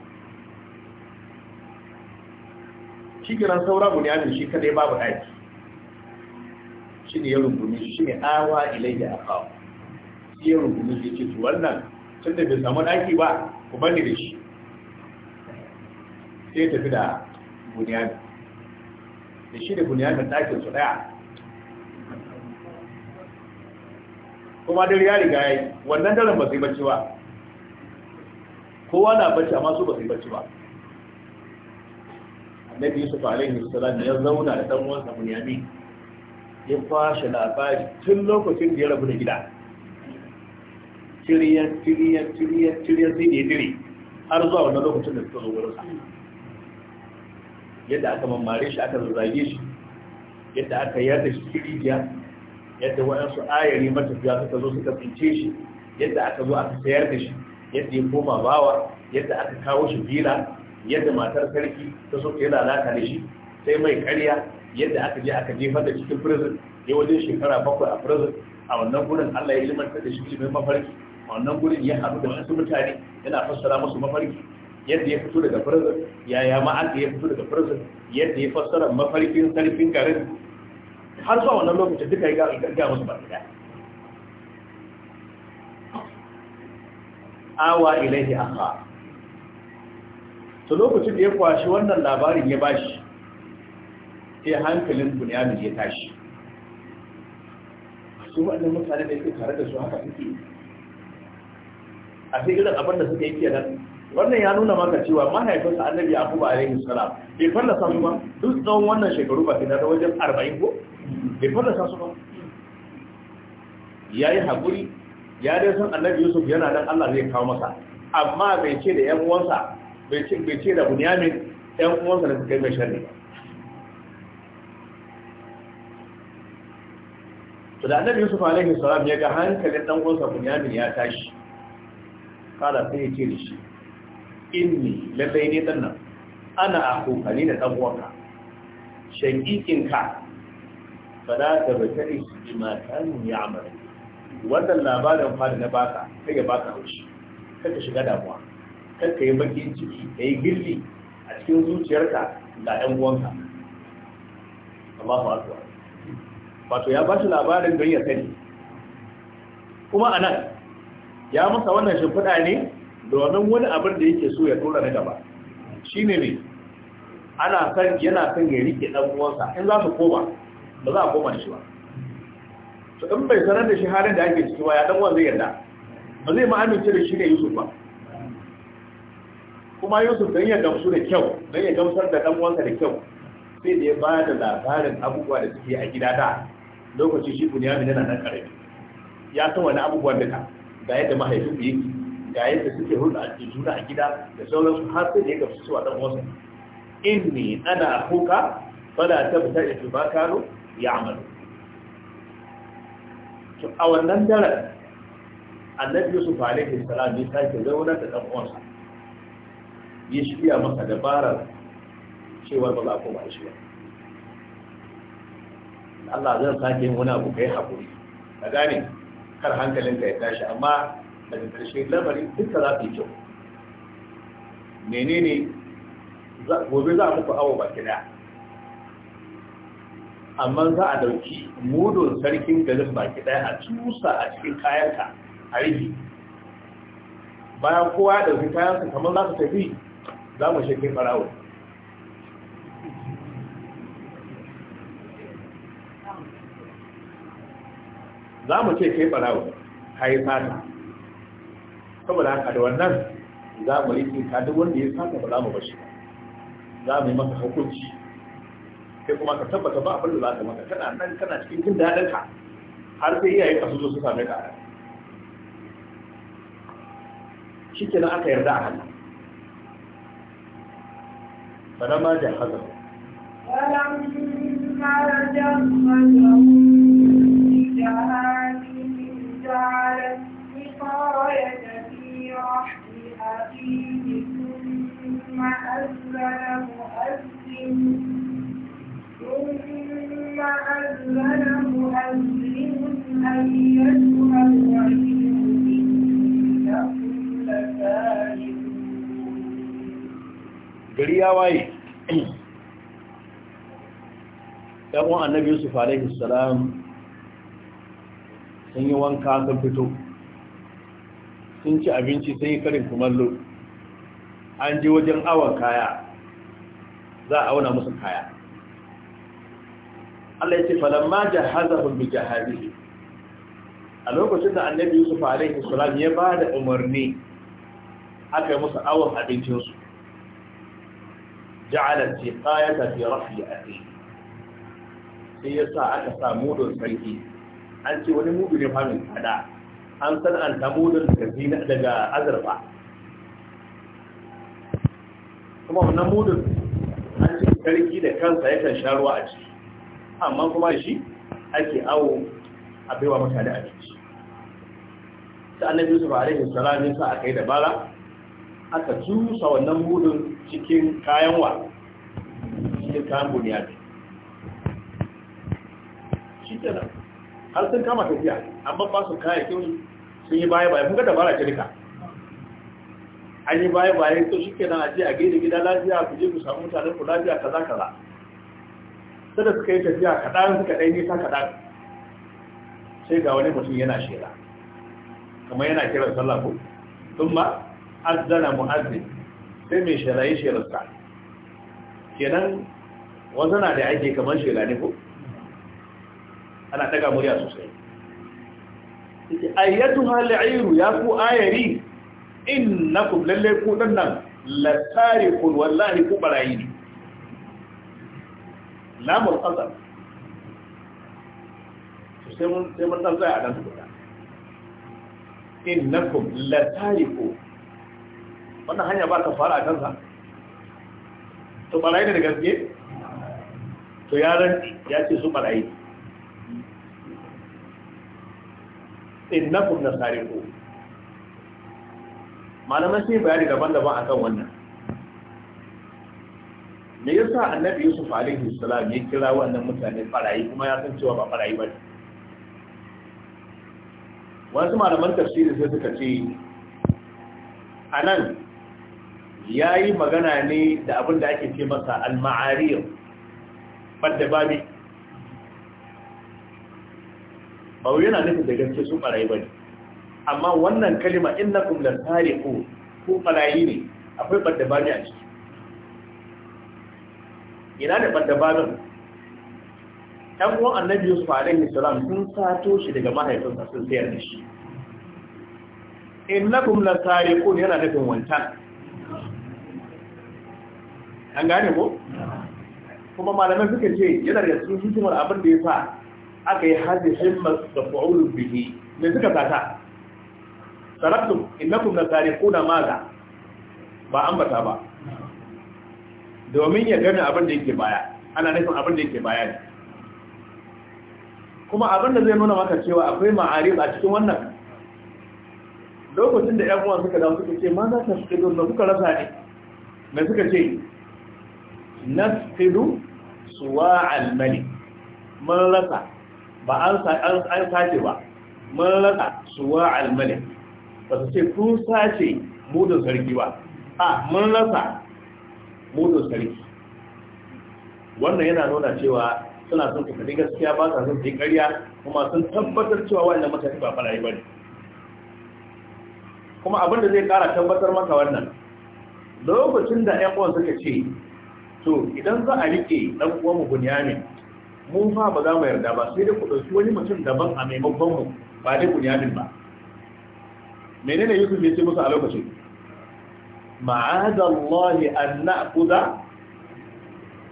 shi kiran saura bunyamin shi kadai babu aiki shi ne ya rungumi shi ne awa ilai da akawo shi ya rungumi shi ce su wannan tun da bai samu ɗaki ba ku bani da shi sai ya tafi da bunyamin da shi da bunyamin ɗakin su ɗaya kuma dare ya riga ya yi wannan daren ba zai bacci ba kowa na bacci amma su ba zai bacci ba annabi yusuf alaihi salam ya zauna da ɗan uwansa bunyamin ya fashe labari tun lokacin da ya rabu da gida ciriyar ciriyar ciriyar ciriyar sai da ya dire har zuwa wannan lokacin da suka zo wurinsa yadda aka mamare shi aka zazzage shi yadda aka yada shi kirijiya yadda wayansu ayari matafiya suka zo suka tsince shi yadda aka zo aka sayar da shi yadda ya koma bawa yadda aka kawo shi bila yadda matar sarki ta so ta lalata da shi sai mai karya yadda aka je aka jefar da cikin prison ya wajen shekara bakwai a prison a wannan gurin Allah ya ilimantar da shi ilimin mafarki a wannan gurin ya haɗu da wasu mutane yana fassara musu mafarki yadda ya fito daga prison yaya ma aka ya fito daga prison yadda ya fassara mafarkin sarfin garin har zuwa wannan lokacin duka ya ga musu barka daya awa ilaihi akha to lokacin da ya kwashi wannan labarin ya bashi sai hankalin bunyamin ya tashi su wannan mutane da yake tare da su haka suke a sai irin abin da suka yi kenan wannan ya nuna maka cewa mahaifinsa annabi yakubu alaihi salam bai fallasa su ba duk tsawon wannan shekaru ba kina da wajen arba'in ko bai fallasa su ba ya yi haƙuri ya dai san annabi yusuf yana nan allah zai kawo masa amma bai ce da yan uwansa bai ce da bunyamin yan uwansa da suka yi mai sharri ba to da annabi yusuf alaihi salam ya ga hankalin dan uwansa bunyamin ya tashi kala sai ya ce da shi inni sai ne dan nan ana akuka ni da dan uwanka shaqiqin ka fada da bakari shi ma ya ya'malu wannan labarin fara na baka kai ya baka haushi kada shiga damuwa kada yi baki ciki kai gilli a cikin zuciyarka ga dan uwanka Allahu akbar wato ya ba shi labarin don ya sani kuma a nan ya masa wannan shimfiɗa ne domin wani abin da yake so ya tura na gaba shi ne ne ana san yana san ya rike ɗan uwansa in za su koma ba za a koma da shi ba to in bai sanar da shi halin da ake ciki waya ya ɗan uwan zai yarda ba zai ma amince da shi ne yusuf ba kuma yusuf don ya gamsu da kyau don ya gamsar da ɗan uwansa da kyau sai da ya ba da labarin abubuwa da suke a gida da lokaci shi bunyamin yana nan karami ya san wani abubuwan duka ga yadda mahaifin yake ga yadda suke hulɗa a juna a gida da sauransu har sai da ya gamsu a dan wasu inni ana huka fala tabta ifi ma kanu ya'malu to a wannan daren annabi yusuf alaihi salam ya sake zauna da dan wasu ya shirya masa dabarar cewa ba za a koma shi ba Allah zan sake wani abu kai haƙuri ka gane kar hankalinka ya tashi amma daga ƙarshe lamarin duka za su yi kyau menene gobe za muku awo baki da amma za a dauki mudun sarkin garin baki daya a tusa a cikin kayanka a rigi bayan kowa da dauki kayansa kamar za su tafi za mu shekai farawo za mu ce kai barawo ka yi fata saboda haka da wannan za mu riƙe ka duk wanda ya fata ba za mu bashi za mu yi maka hukunci sai kuma ka tabbata ba abin da za ka maka kana nan kana cikin jin daɗin ka har sai iyaye ka su zo su same ka shi na aka yarda a hannu فلما جهزهم فلما جهزهم جهاد جعلت سقاية في رحم أخيه ثم أذن مؤذن أيتها الوعيد إنكم لكاذبون. gari ya waye ɗan annabi yusuf alaihi salam sun yi wanka sun fito sun ci abinci sun yi karin kumallo an je wajen awon kaya za a auna musu kaya Allah ya ce falamma jahazahum bi jahazihi a lokacin da annabi Yusuf alaihi salam ya ba da umarni aka yi musu awon abincinsu ja'ala tiqayata fi rafi akhi sai ya sa aka sa mudon sarki an ce wani mubi ne famin kada an san an samu daga azurfa kuma wannan mudun an ce sarki da kansa yakan sha ruwa a ciki amma kuma shi ake awo a baiwa mutane abinci ta annabi yusuf a rikin ya sa aka yi dabara aka tusa wannan mudun cikin kayan wa cikin kayan buniyar shi nan har sun kama tafiya amma ba su kyau sun yi baya baya kun ga dabara ce duka an yi baya baya to shi kenan a je a gaida gida lafiya ku je ku samu mutanen ku lafiya kaza kaza sai da suka yi tafiya kaɗan suka ɗai nisa kaɗan sai ga wani mutum yana shela kamar yana kiran sallah ko sun ma azzana mu'azzin sai mai shela yi shelarsa kenan wasu na da ake kamar shela ne ko ana daga murya sosai ayyatuha al'iru ya ku ayari innakum lalle ku dannan lasariqun wallahi ku barayi ne lamul qasam sai mun sai mun dan tsaya a dan guda innakum lasariqu wannan hanya ba ta fara a kansa to barayi ne da gaske to ya yaran ya ce su barayi innakum nasariku malaman sai bayani daban-daban akan wannan me yasa annabi yusuf alaihi salam ya kira wannan mutane farayi kuma ya san cewa ba farayi ba ne wasu malaman tafsiri sai suka ce a nan ya yi magana ne da abin da ake ce masa al-ma'ariyar fadda babi ba wai yana nufin da gaske su barayi bane amma wannan kalima innakum lan tariqu ku barayi ne akwai baddabani a ciki ina da baddabanin ɗan uwan annabi yusuf alaihi salam sun sato shi daga mahaifinsa sun sayar da shi innakum lan tariqu yana nufin wantan an gane ko kuma malamai suka ce yana da cikin hikimar abin da ya sa aka yi hajji himmas da fa'ulun bihi mai suka sata sarabtum innakum na kuna maza ba ambata ba domin ya gani abin da yake baya ana nufin abin da yake baya ne kuma abin da zai nuna maka cewa akwai ma'ari a cikin wannan lokacin da ƴan uwan suka dawo suka ce ma za ta zo da kuka rasa ne Mai suka ce na nasfidu suwa almalik mun rasa ba an sace ba mun raka suwa almalik ba su ce kun sace mudun sarki ba a mun rasa mudun sarki wannan yana nuna cewa suna sun kafa gaskiya ba sa sun karya kuma sun tabbatar cewa wannan mutane ba farayi ba kuma abin da zai kara tabbatar maka wannan lokacin da yan uwan suka ce to idan za a rike dan uwan mu bunyamin mu fa ba za mu yarda ba sai dai ku ɗauki wani mutum daban a maimakon mu ba dai ku yamin ba menene yusuf ya ce musu a lokacin ma'adallahi an na'kuda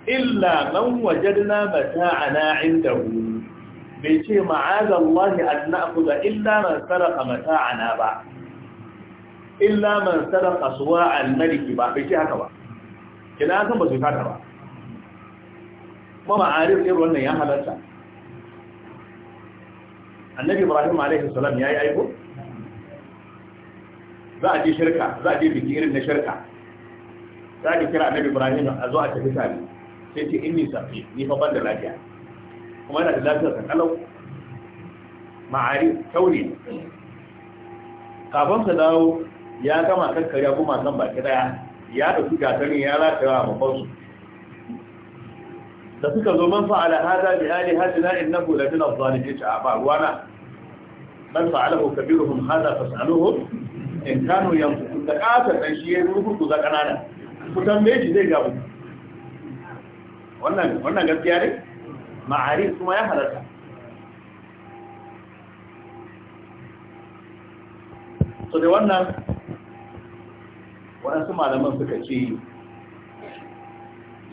illa man wajadna mata'ana indahu bai ce ma'adallahi an na'kuda illa man sarqa mata'ana ba illa man sarqa suwa al-malik ba bai ce haka ba kina san ba su fata ba kuma arif irin wannan ya halarta annabi ibrahim alaihi salam ya yi aiko za a je shirka za a je biki irin na shirka za a kira annabi ibrahim a zo a tafi tare sai ce inni safi ni fa ban da lafiya kuma yana da lafiyar sakalau ma'ari tauri kafin su dawo ya gama kakkarya kuma kan baki daya ya dauki gasarin ya lafiya a mafansu da suka zo man fa'ala hada bi ali hadina innahu la min adh-dhalimin sha'aba wana man Kabiru, kabiruhum hada fas'aluhu in kanu yanfiqun da katar ɗan shi yayin rubutu za kanana ku tambaye zai gabu wannan gaskiya ne ma'arif kuma ya halarta so da wannan waɗansu malaman suka ce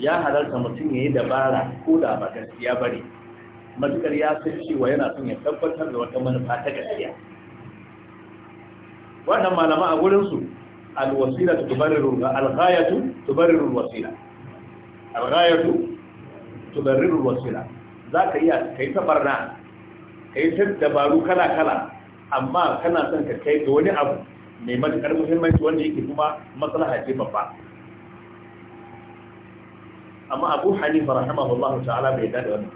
ya halarta mutum ya yi dabara ko da ba gaskiya ba ne matukar ya san cewa yana son ya tabbatar da wata manufa ta gaskiya wannan malama a su alwasila ta tubarriru alghayatu tubarriru wasila alghayatu tubarriru wasila za ka iya kai ta barna kai ta dabaru kala kala amma kana son ka kai ga wani abu mai matukar muhimmanci wanda yake kuma maslaha ce babba amma abu hanifa rahimahullahu ta'ala bai da wannan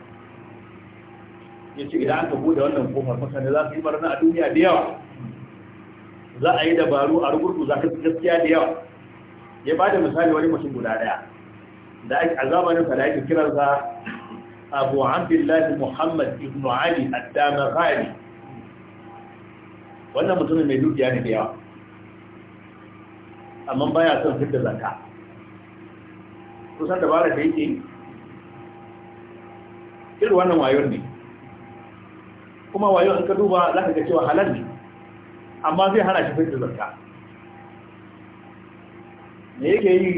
yace idan aka bude wannan kofar mutane za su yi barna a duniya da yawa za a yi dabaru a rubutu za ka gaskiya da yawa ya ba da misali wani mutum guda daya da ake azabanin sa da ake kiransa abu abdullahi muhammad ibn ali ad-damaghani wannan mutumin mai dukiya ne da yawa amma baya son fitar zakka kusan dabarar da yake yi irin wannan wayon ne kuma wayo in ka duba za ka ga cewa halal ne amma zai hana shi da zarka me yake yi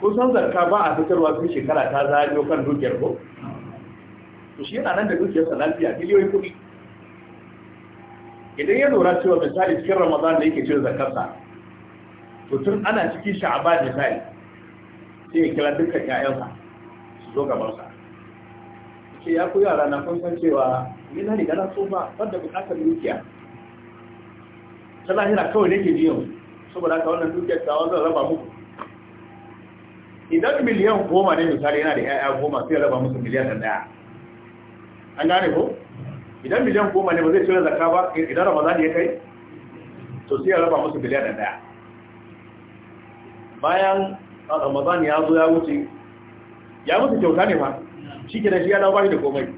kusan zarka ba a fitarwa fi shekara ta zaɗo kan dukiyar ko to shi yana nan da dukiyarsa lafiya miliyoyin kuɗi idan ya lura cewa misali cikin ramadan da yake cire zarkarsa to tun ana cikin sha'aba misali sai ya kira dukkan ‘ya’yansa su zo gaban sa ce ya ku yara na kun san cewa ni na riga na tsufa wanda bukatar dukiya Tana hira kawai nake biyu saboda ka wannan dukiyar ta wannan raba muku idan miliyan goma ne misali yana da ƴaƴa goma sai raba musu miliyan ɗaya an gane ko idan miliyan goma ne ba zai cire zaka ba idan ramadan ya kai to sai ya raba musu miliyan ɗaya bayan ramadan ya zo ya wuce ya mutu kyauta ne fa shi ke da shi ya dawo bai da komai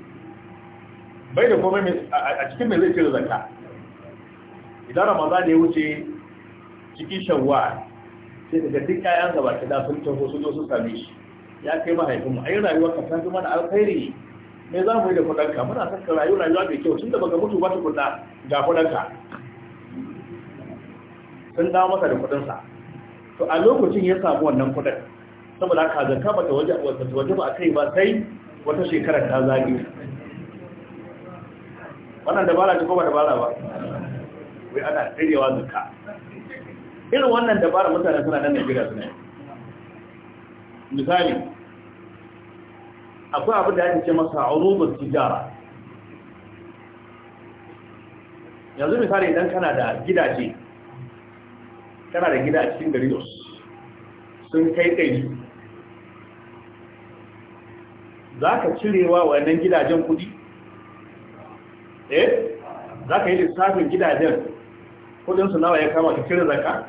bai da komai a cikin mai zai cire zakka idan ramadan ya wuce cikin shawwa sai daga duk ƴaƴan gaba ki da sun taho su zo su same shi ya kai mahaifin mu ayi rayuwar ka san zama da alkhairi me za mu yi da kudanka muna saka rayuwa rayuwa mai kyau tun da baka mutu ba tukunna ga kudanka sun dawo masa da kudansa. to a lokacin ya samu wannan kudin saboda haka zakka bata waje waje ba kai ba sai wata shekara ta zage wannan dabara ce ko ba dabara ba wai ana tsirewa zakka irin wannan dabara mutane suna nan da gida suna misali akwai abin da ake ce masa urubul tijara yanzu misali idan kana da gidaje tana da gida a cikin gari sun kai ɗari za ka cirewa wannan gidajen kudi eh za ka yi lissafin gidajen kudinsu nawa ya kama ta cire zaka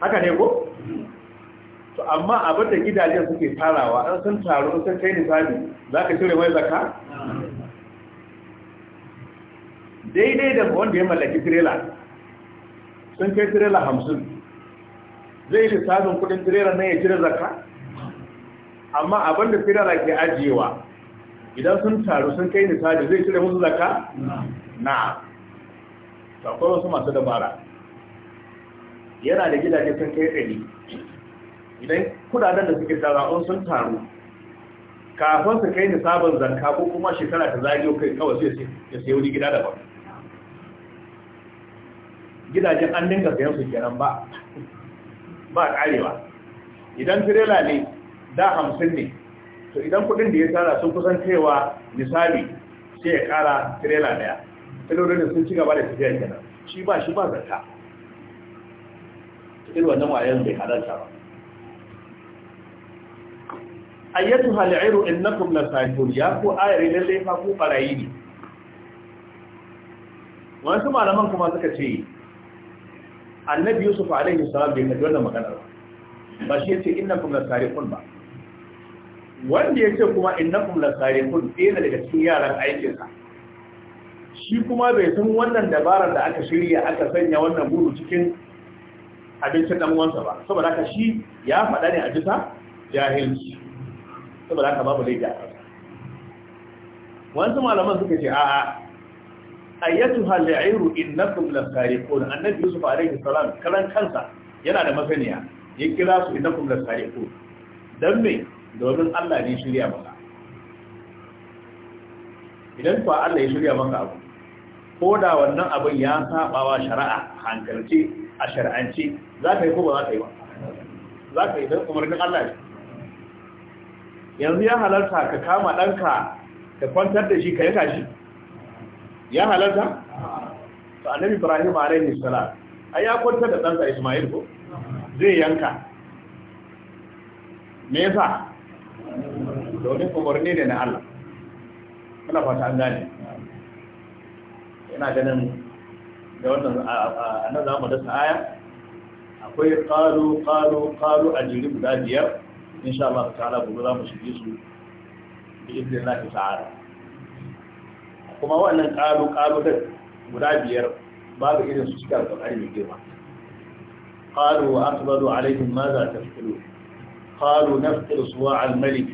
haka ne ko? to amma abin da gidajen suke tarawa an sun taru sun kai lissafin za ka cire mai zaka? daidai da wanda ya mallaki tirela sun kai tirela hamsin zai yi lissafin kudin tirela na ya cire zaka amma abinda tirela ke ajiyewa idan sun taru sun kai nisabi zai cire musu zaka na akwai wasu masu dabara yana da gidaje sun kai ɗari idan kudaden da suke tara'un sun taru kafin su kai nisabin zanka ko kuma shekara ta zagiyo kai kawai sai ya sayi wani gida daban gidajen an dinga sayan su kenan ba ba karewa idan tirela ne da hamsin ne to idan kudin da ya tara sun kusan kaiwa misali sai ya kara tirela daya tirelolin sun ci gaba da tafiya kenan shi ba shi ba zarta irin wannan wayan bai halarta ba ayyatu hal'iru innakum lasahun ya ku ayari lalle fa ku barayi ne wasu malaman kuma suka ce annabi yusuf alaihi salam bai kaji wannan maganar ba shi yace la sariqun ba wanda yace kuma innakum lasariqun ɗaya daga cikin yaran aikin sa shi kuma bai san wannan dabarar da aka shirya aka sanya wannan buru cikin abincin dan uwansa ba saboda haka shi ya faɗa ne a bisa jahilci saboda haka babu laifi a wasu malaman suka ce a'a ayyatuha al'iru innakum lasariqun annabi yusuf Alayhi salam kalan kansa yana da masaniya ya kira su innakum lasariqun dan me domin Allah ne shirya maka idan fa Allah ya shirya maka abu ko da wannan abin ya sabawa shari'a hankalci a shari'anci za ka yi ko ba za ka yi ba za ka yi don umarnin Allah ne yanzu ya halarta ka kama ɗanka ka kwantar da shi ka yanka shi ya halarta to annabi ibrahim alayhi salam ai ya kwanta da ɗansa isma'il ko zai yanka me yasa domin umarni ne na Allah kana fata an gane Ina ganin da wannan annan za mu dasa aya akwai qalu qalu qalu a da guda biyar insha Allah ta'ala gobe za mu shige su bi idin Allah ta'ala kuma wannan ƙalu ƙalu da guda biyar babu irin su cikin alƙalari mai girma قالوا وأقبلوا عليهم ماذا تفكرون قالوا نفكر صواع الملك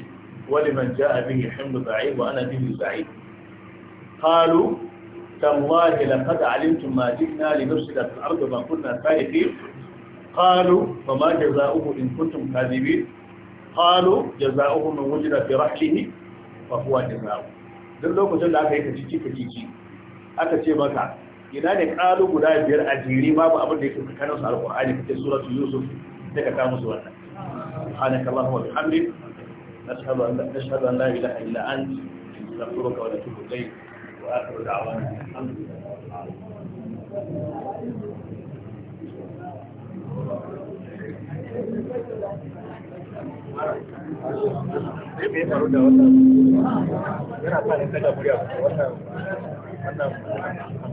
ولمن جاء به حمل بعيد وأنا به بعيد قالوا تالله لقد علمتم ما جئنا لنفسد في الأرض ما كنا سائقين قالوا فما جزاؤه إن كنتم كاذبين قالوا جزاؤه من وجد في رحله فهو جزاؤه duk lokacin da aka yi kaciki kaciki aka ce maka ina ne kalu guda biyar a jere babu abin da yake tsakanin su alƙur'ani kake suratul yusuf sai ka kawo musu wannan subhanaka allahumma wa bihamdik nashhadu an la nashhadu an la ilaha illa anta nastaghfiruka wa natubu ilayk wa akhiru da'wana alhamdulillah zai mai faru da wannan yana sa ne kada murya wannan wannan